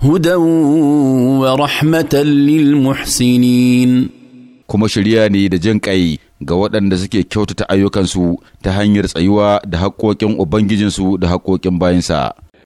هدى ورحمة للمحسنين kuma shirya ne da jan ƙai ga waɗanda suke kyautata ayyukansu ta hanyar tsayuwa da haƙƙoƙin Ubangijinsu da haƙƙoƙin bayansa.